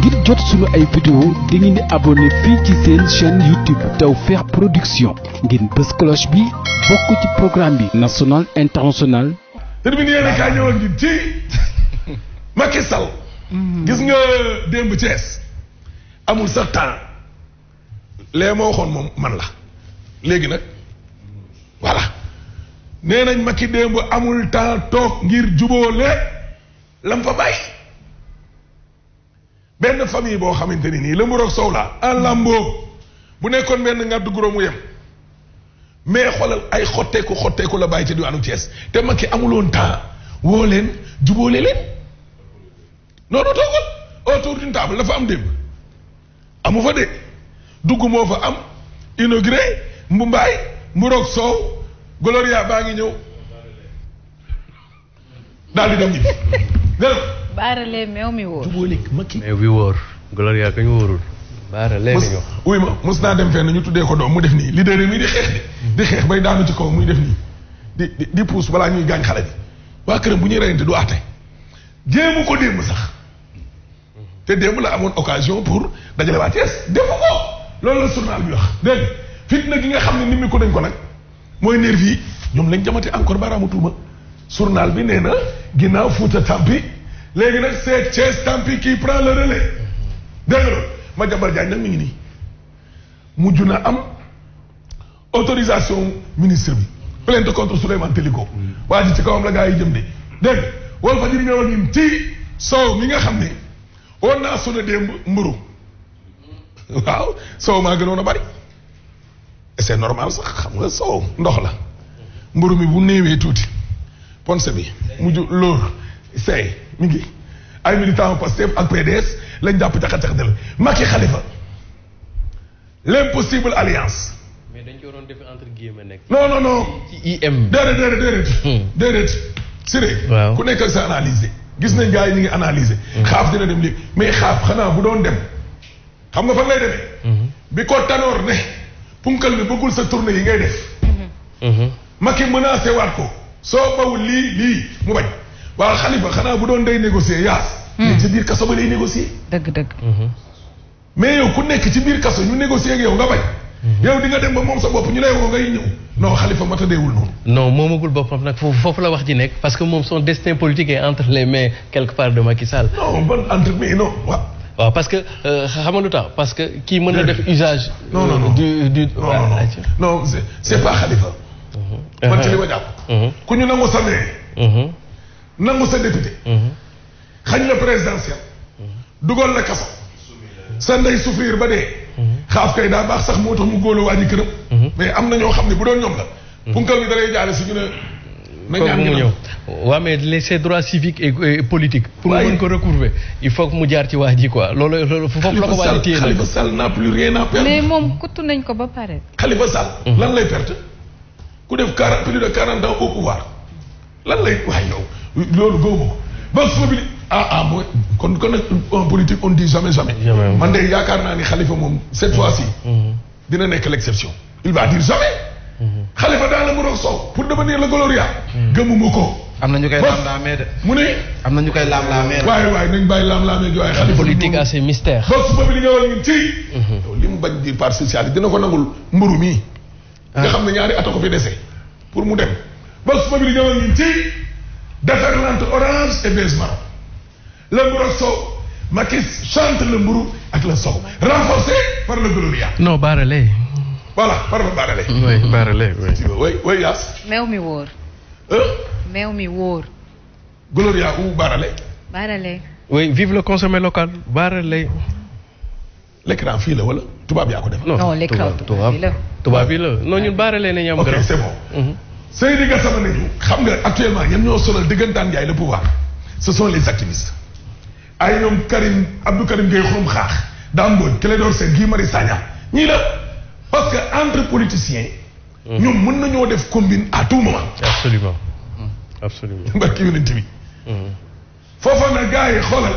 ngir jot sunu ay vidéo di ngeen di abonné fii ci seen chaîne YouTube Tawfekh Production ngeen bës cloche bi bokk ci programme bi national international terminé yéen kaa ñëwoon ngin ci Macky Sall gis nga démb Thiès amul sa temps lee ma waxoon moom man la léegi nag voilà nee nañ Macky démb amul temps toog ngir jubóole lam fa bàyyi benn famille boo xamante ni nii la mu roog laa en lambo bu nekkoon benn nga dugg mu yem mais xoolal ay xotteeku xotteeku la bàyyi ci diwaanu Thiès te Macky amuloon temps woo leen jubóole leen noonu toogal autour d'une am démb amu fa am inauguré mbumbaay mburoog soow gloria baa ngi ñëw daal di dem ñibbi baarale meew mi wóor. jubóo nekk makki. meew bi wóor. Gloria kañ wóorul. baarale mi ma mos naa dem fenn ñu tuddee ko doom mu def nii leader yi muy di xeex di xeex bay daanu ci kaw muy def nii di di di pousse balaa ñuy gaañ xale bi waa këram bu ñuy reyante du àtte ko démb sax te démb la amoon occasion pour dajale waa Thiès defu ko loolu la journal bi wax dégg fitna gi nga xam ne ni mi ko dañ ko nag mooy nervi yi ñoom lañ jamate encore baaraamu tuuma journal bi nee na ginnaaw Fuuta Tampi léegi nag c'est Thiès Tampi qui prend le relais dégg nga Madiambal Diagne nag mi ngi nii mujj na am autorisation ministre bi plainte contre Souleymane Téliko waa ji ci kawam la gaa yi jëm de dégg nga ci soow mi nga xam ne woon naa sunu démb mburu waaw soow maa gënoon a bari c'est normal sax xam nga soow ndox la mburu mi bu néewee tuuti ponse bi mujj lóor say mi ngi ay militant Pastef ak PDS lañ jàpp caxat-caxatal Macky Khalifa l'impossible alliance. mais dañ ci waroon def entre nekk. non ku nekk ak sa analyse gis nañ gars yi ñu ngi analyser. Hmm. xaaf dina dem léegi mais xanaa bu doon dem xam nga fan lay demee. Hmm. bi ko tanoor ne punkal bi bëggul sa tournée yi ngay def. Hmm. Macky menacé waat ko soo bawul lii lii mu bañ. waaw xalifa xanaa bu doon day négocier yaas. Hmm. mais ci biir kaso ba lay négocier. dëgg dëgg. Hmm. mais yow ku nekk ci biir kaso ñu négocier ak yow nga bañ. Hmm. yow di nga dem ba moom sa bopp ñu lay woo ngay ñëw. non xalifa matadeewul foofu la wax ji nekk parce que moom soo destin politique est entre les mains quelque part de Macky Sall. non ban entre mais non waaw. parce que euh, xam nga lu tax parce que kii mën na def usage. non non euh, non du c'est pas xalifa. Mhm. Mhm. ku ñu nangu samee. nangu sa député. Mhm. xañ la présidentiel. Mhm. dugal na kaso. sa ndey souffrir ba dee. Mhm. xaaf kay daa baax sax moo tax mu góolu waa ji këram. mais am na ñoo xam ne bu doon ñoom la. punkal bi da lay jaale si ñu na ñaan mu ñëw waaw les ces droits civiques et politiques. ko recouvrer il faut mu jaar ci waa ji quoi loolu loolu foofu la ko waa ji téye Khalifa Sall n'a plus rien à moom kuttu nañ ko ba pare. Khalifa Sall. lan lay perte ku def quarante plus de quarante ans au pouvoir lan lay waaye yow. loolu góobu ko su ma bind ah ah mooy kon kon nag en politique on dit jamais jamais. man de yaakaar naa ni Khalifa moom cette fois-ci. Mm-hmm. dina nekk l'exception. il va mm-hmm. mm. ko. am na ñu koy laam-laamee mu ne. na ñu koy laam-laamee de. waaye waaye nañ bàyyi laam-laamee ji waaye Khalifa. politique à ses ma bind nga war ñun ci. Mm-hmm. li mu bañ di parti socialiste dina ko nangul mburu mi. Ah. nga xam ne ñaari at ko fi pour mu dem. donc su ma bind nga war ñun ci. déferlante orange et beige marron le mburu ak chante le mburu ak le soow renforcé par le gloria non baarale voilà pardon baarale oui baarale oui oui oui yaas meew mi wóor meew mi wóor gloria ou baarale baarale oui vive le consommé local l'écran fii la wala tubaab yaa ko def non l'écran tubaab bi la tubaab bi la non ñun baarale ne ñam ok c'est bon mhm. Seydi Gassama Ndeju xam nga actuellement ñoom ñoo sonal dëggantaan yaay le pouvoir ce sont les activistes ay ñoom Karim Abdou Karim Gueye xurum xaax Dame Mbodj Clédor Sène Guy Marius Sagna ñii la parce que entre politiciens. Mm. ñoom mën nañoo def combine à tout moment. absolument mm. absolument. barki yonent bi. Mm. foofa na gars yi xoolal.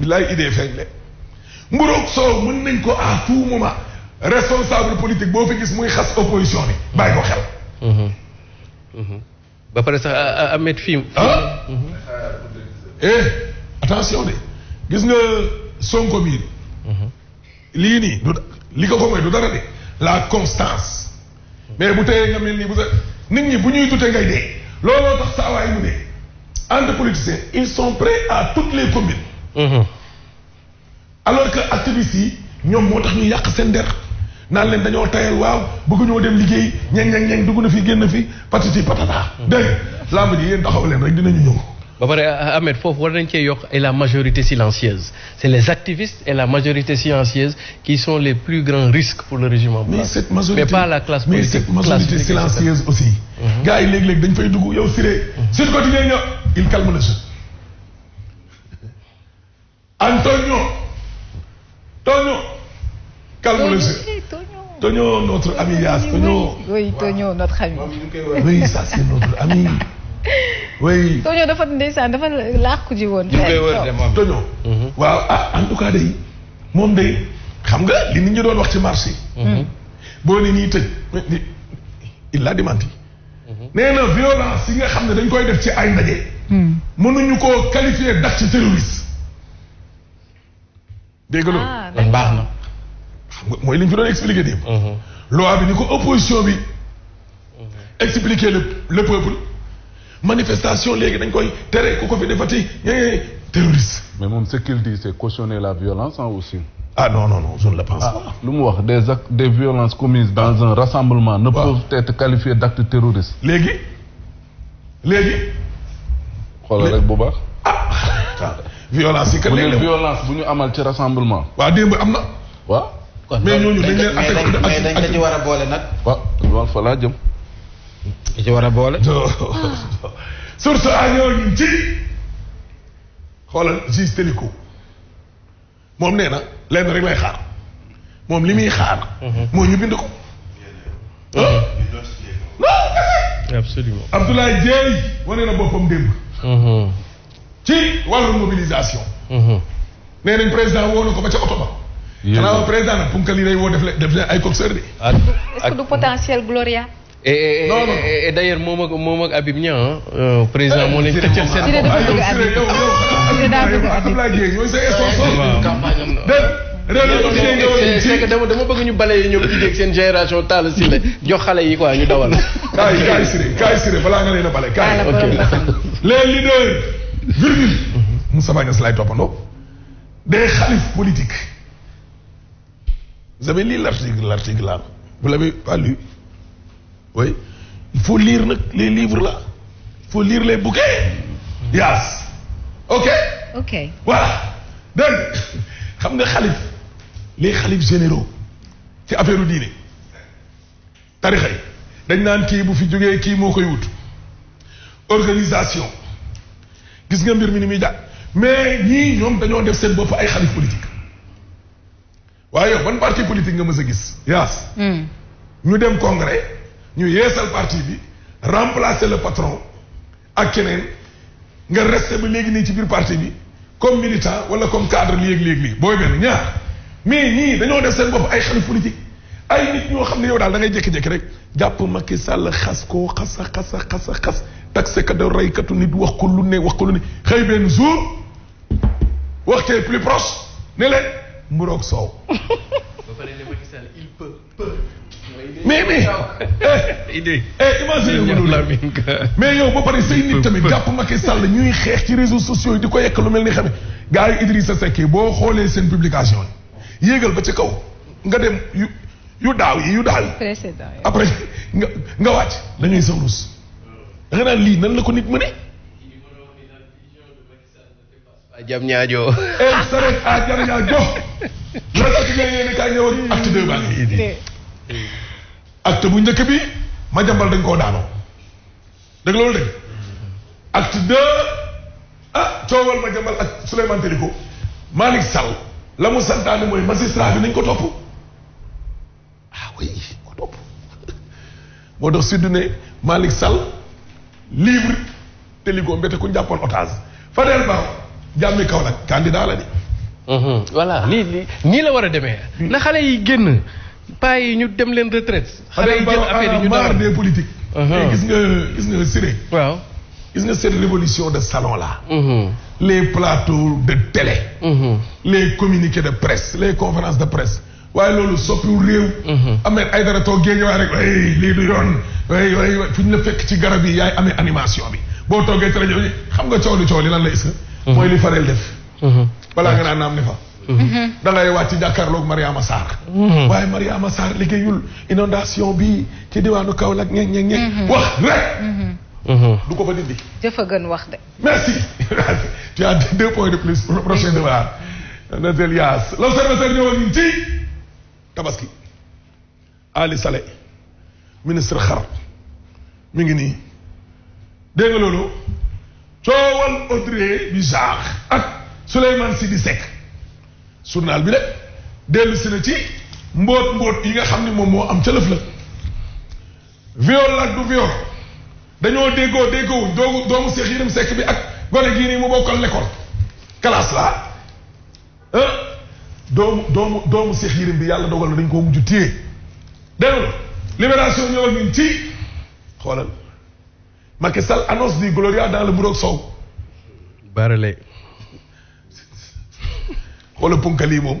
bilaay idée feeñ le mburoog soow mën nañ ko à tout moment. responsable politique boo fi gis muy xas opposition bi bàyyi ko ba pare sax Ahmed fii. ah. eh attention de gis nga Sonko mii. lii nii li ko ko du dara de la constance. mais bu teyee nga mel nii bu sa nit ñi bu ñuy dute ngay dee. looloo tax saa waay mu ne entre politiciens ils sont prêts à toutes les combines. Mhm. alors que activistes yi ñoom moo tax ñu yàq seen der. naan leen dañoo tayal waaw bëgguñoo dem liggéey ñeng ñeng ñeng dugg na fi génn fi patati patata dégg lamb ji yéen taxaw leen rek dinañu ñëw ba pare ah, ah, Ahmed foofu war nañ cee yokk et la majorité silencieuse c'est les activistes et la majorité silencieuse qui sont les plus grands risques pour le régime en place mais cette majorité silencieuse aussi mhm. gars léeg-léeg dañ fay dugg yow Siré mhm. Sud Quotidien ño il calme le jeu Antonio Antonio calme le jeu. Toño notre ami Yaas Toño. oui Toño notre ami. oui ça c'est notre ami. oui. Toño dafa ndeysaan dafa làqu ji woon. Toño. Mhm. waaw ah en tout cas day moom day xam nga li nit ñi doon wax ci marché. Mhm. boo ni ñuy tëj il a démenti. Mhm. nee na violence yi nga xam ne dañ koy def ci ay ndaje. Hmm. mënuñu koo qualifier d'acte terroriste. dégg nga loolu ah, baax na. mooy li ñu fi doon expliqué démb. Mhm. loi bi ni ko opposition bi. Mhm. expliquer le le peuple manifestation léegi dañ koy tere ku ko fi defati ñooy terroriste. mais moom ce qu'il dit c'est cautionner la violence ah aussi. ah non non non je ne le pense ah, pas. lu mu wax de actes des violences commises dans ah. un rassemblement. ne ah. peuvent être qualifiées d'actes terroristes. léegi léegi. xoolal rek bu baax. ah violence yi kat léegi bu ñu amal ci rassemblement. waaw démb mais ñooñu dañ leen attaqué mais dañ war a boole nag. waaw fa laa jëm. ci war a boole. source a moom nee na lenn rek lay moom li muy xaar. Mhm. moo ñu bind ko. Mhm. Ah. non. absolument Abdoulaye Dieye wane mhm. ci wàllu mobilisation. nee nañ président ko ba ca xanaa président nag punkal yi day def leen ay coxeur de. ak est-ce du potentiel Gloria. Et, eh, eh, eh, non moom ak moom ak Habib Niang euh, président moo leen tëccal seen. daa bëgg dama bëgg ñu balee ñoom idée seen génération taal si la jox xale yi quoi ñu dawal. kaay kaay Siré kaay Siré balaa nga leen a bale kaay. les leaders virgule. Mhm. Moussa Bagnès laay toppandoo. des xalif politique. Vous avez lu l'article, l'article là. Vous l'avez pas lu. Oui. Il faut lire les livres là. Il faut lire les bouquets. Yes. OK. OK. Voilà. Donc, xam nga xalif les xalif généraux ci affaire u diine tarixa yi dañ naan kii bu fi jógee kii moo koy organisation gis nga mbir mi ni muy jàpp mais ñii ñoom dañoo def seen bopp ay xalif politique waaye yow ban parti politique nga ma sa gis yaas hmm. ñu dem congrès ñu yeesal parti bi remplacer le patron ak keneen nga resté ba léegi nii ci biir partie bi comme militant wala comme cadre léegi-léegi booy benn ñaar mais ñii dañoo def seen bopp ay xarit politique ay nit ñoo xam ne yow daal da ngay jékki-jékki rek jàpp Macky Sall xas koo xasa xasa xasa xas taxe ka da reykatu nit wax ko lu ne wax ko lu ne xëy benn jour waxtee plus proche ne leen mburoog soow. il peut peut. mais mais. Eh, idée. Eh, imagine mu la mais yow ba pare say nit tamit jàpp Macky Sall ñuy xeex ci réseaux sociaux yi di ko yekk lu mel ni xamee gars yi Idrissa Seck boo xoolee seen publication yi yéegal ba ci kaw nga dem yu yu daaw yi yu daaw yi. après nga nga wàcc da nga naan lii nan la ko nit mënee. jam ñaajo. et Jam ñaajo. loolu quotidien yéen kaay ñëw ak acte bu njëkk bi ma jambal dañ koo daanoo dëgg loolu dëgg acte deux ah ma jambal ak Souleymane Téliko Malick Sall la mu santaane mooy magistrat bi nañ ko topp ah oui ko topp moo tax suddu ne Malick Sall libre Téliko mbete ku ñu jàppoon otage Fadel Barro jàmmi Kaolack candidat la di voilà lii lii nii la war a demee na xale yi génn paa yi ñu dem leen retraite xale yi jël affaire yi ñu marre des politiques te gis nga gis nga Siré waaw gis nga cette révolution de salon là les plateaux de télé les communiqués de presse les conférences de presse waaye loolu soppiwul réew Ahmed Aïdara toog géejawaay rek ay lii du yoon ay ay fu ñu la fekk ci garab yi yaay amee animation bi boo toogee ci rajo xam nga coow li coow li lan la is mooy li Farel def balaa nga naan naam ne fa. Mhm. da ngay wàcc jàkkaarloog Mariama Sarr. Mhm. waaye Mariama Sarr liggéeyul inondation bi ci diwaanu Kaolack ñeeg ñeeg ñeeg. Mhm. wax rek. du ko fa dindi. jëf a gën wax de. merci tu as deux points de plus pour le prochain débat. na del yaas l'observateur ñëwal ñu ci tabaski. Ali Saleh ministre xar mi ngi nii dégg loolu coowal Audrey bi Bizarre Souleymane Sidi Seck journal bi nag dellu si na ci mbóot mbóot yi nga xam ne moom moo am ca lëf la viol ak viol dañoo déggoo déggoo doomu doomu Cheikh Yérim Seck bi ak gone gii nii mu bokkal l'école classe la ah bi yàlla dogal na dañ koo mujj téye dégg nga libération ñëw ak ñun ci xoolal Macky Sall annonce di Gloria dans le bureau Sow. wala punkal lii moom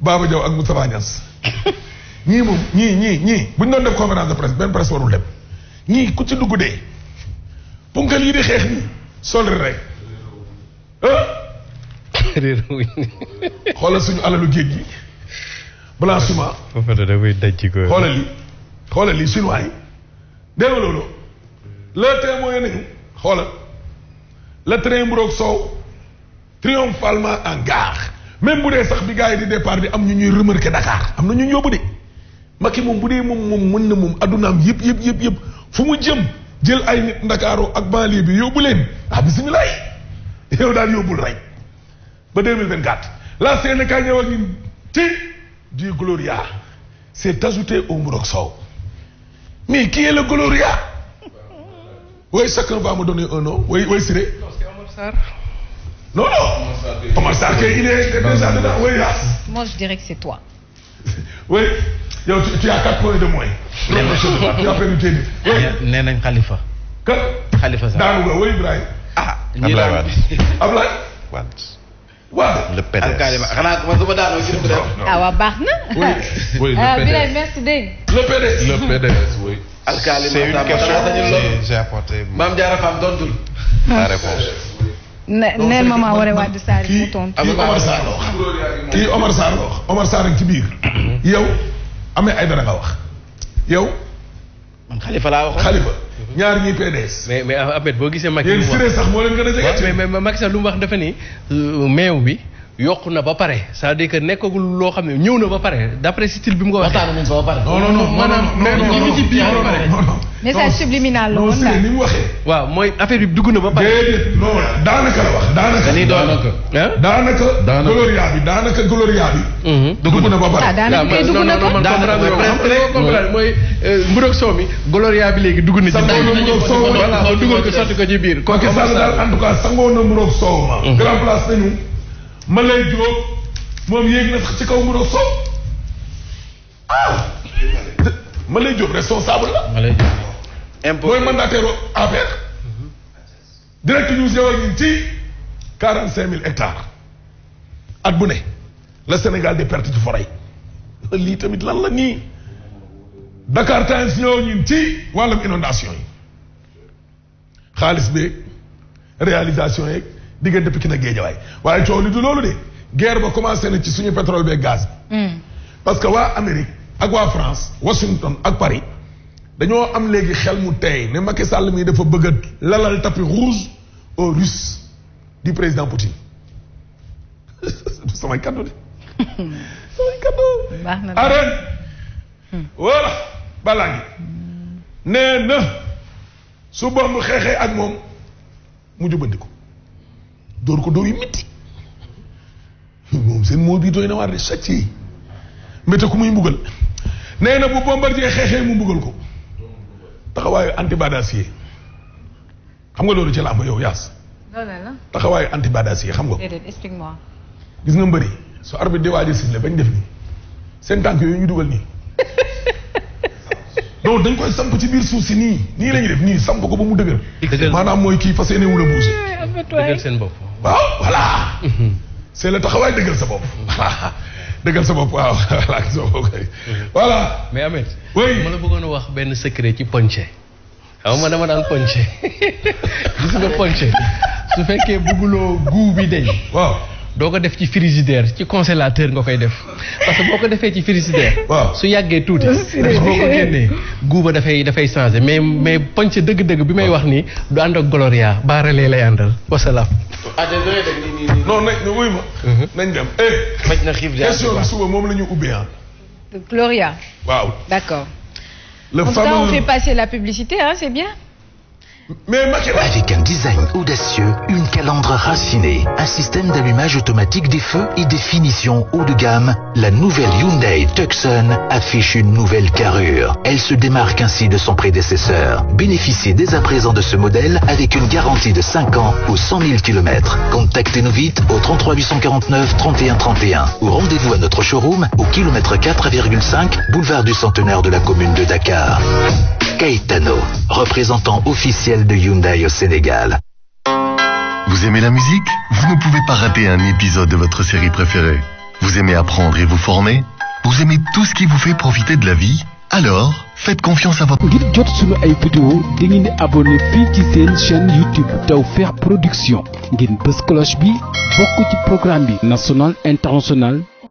Baba Diaw ak Moustapha Niass ñii moom ñii ñii ñii bu doon def conférence de presse benn presse warul dem ñii ku ci dugg dee punkal yi di xeex nii sol rek xoolal suñu alalu géej gi blanchiment xoolal yi xoolal yi chinois yi dégg loolu le thème mooy nañu xoolal le train bu soow triomphalement en gare même bu dee sax bi gars yi di départ bi am ñu ñuy remarqué Dakar am na ñu yóbbu de Macky moom bu dee moom moom mën na moom addunaam yëpp yëpp yëpp yëpp fu mu jëm jël ay nit ndakaaro ak banlieue bi yóbbu leen ah bisimilah yow daal yóbbul rek ba 2024 la CNK ñëw ak ñun ci du Gloria s'est ajouté au Mburok Sow mais ki est le Gloria. oui chacun va me donner un nom oui oui Siré. non c'est Non, non. Omar Sarr, il est déjà dedans. Oui, là. Ah. Moi, je dirais que c'est toi. oui. yow tu, tu as quatre points de moins. nee nañ xalifa. kan. xalifa sax daanu nga oui Ibrahima. ah Ablaye Wade. Ablaye. Wade. Wade. le PDS alkaarima xanaa man su ma daanoo gis nga def. ah waaw baax na. oui oui le PDS ah Birame merci dégg le PDS le PDS oui. alkaarima c'est une question j'ai apporté. Mame Diarra Fam tontul. la réponse. ne neel ma maa war a wàddi Sarr mu tontu. kii ah, Omar Sarr la wax kii Omar Sarr la wax Omar Sarr rek ci biir. Mhm. yow amee ay dara nga wax yow. man xalifa laa waxoon xalifa. ñaar ñuy PDS. mais mais Ahmed boo gisee. Macky sax moo leen gën a jege. mais mais Macky sax lu mu wax dafa ni euh, meew bi. yokk na ba pare c'est-à-dire que loo xam ne ñëw na ba pare d'après style bi mu ko waxee. waxtaan nañ fa ba pare. non non non maanaam message subliminal la woon daal ni mu waxee. waaw mooy affaire bi dugg na ba pare. déedéet non daanaka la wax daanaka. dañuy bi daanaka gloria bi. dugg na ba pare. mooy presque comprendre mi gloria bi léegi dugg na ci. sangoona mburoog soow ma soow ma. grand place nañu. ma lay jóob moom yéeg na sax ci kaw mun a sow ah ma responsable la. ma lay jóob impôt mooy direct ñu ñëw ak ñun ci quarante mille hectares at bune ne la Sénégal di perte ci forêt lii tamit lan la nii Dakar Times yi ñun ci wàllum inondation yi xaalis beeg réalisation yeeg. diggante Pikine ak Guédiawaye waaye coow li du loolu de guerre ba commencé na ci suñu pétrole beeg gaz bi. Mm. parce que waa Amérique ak waa France Washington ak Paris dañoo am léegi xel mu tey ne Macky Sall mi dafa bëgg a lalal tapis rouge aux Russes du président Poutine samay kaddu de samay kaddu. baax mm. ngi nee na su bomb xeexee ak moom mu jubandiku. dóor ko doo yu mitti moom seen moo bii doy na waar de sàcc yi métte ku muy mbugal nee na bu bombardier xeexee mu mbugal ko taxawaayu antibadacier xam nga loolu ci làmb yow yaas taxawaayu antibadacier xam nga gis nga mbëri su arbitre di waaj a siffler bañ def nii seen tànk yooyu ñu dugal nii donc dañ koy samp ci biir suuf si nii nii la ñuy def nii samp ko ba mu dëgër. maanaam mooy kii fas yéene wu la bougé. Eh, dëgër seen bopp. waaw voilà. Mhm. c'est le taxawaay dëggal sa bopp. dëggal sa bopp waaw voilà. mais Ameth. oui ma la bëggoon wax benn secret ci ponché. xaw ma dama daan ponché gis nga ponché su fekkee bugguloo guu bi deñ doo ko def ci frigidaire ci congélateur nga koy def parce que boo ko defee ci frigidaire. waaw su yàggee tuuti. boo ko génnee guuba dafay dafay changé mais mais poñse dëgg-dëgg bi may wax nii du ànd ak gloria baaralee la àndal wasalaam. ah te dangay dégg nii nii. non nañ wuy ma. Mhm. nañ dem eh. maj na xiif de question moom la ñu ubbee ah. gloria. waaw d' accord. le fameux on passer la publicité ah c' bien. mais Macky Avec un design audacieux, une calandre racinée, un système d'allumage automatique des feux et des finitions haut de gamme, la nouvelle Hyundai Tucson affiche une nouvelle carrure. Elle se démarque ainsi de son prédécesseur. Bénéficiez dès à présent de ce modèle avec une garantie de 5 ans ou 100 au kilomètre boulevard du Centenaire de la commune de Dakar. Caetano, représentant officiel Vous aimez la musique Vous ne pouvez pas rater un épisode de votre série préférée. Vous aimez apprendre et vous former Vous aimez tout ce qui vous fait profiter de la vie Alors, faites confiance à votre... Production ngeen bës bi bokk ci programme national international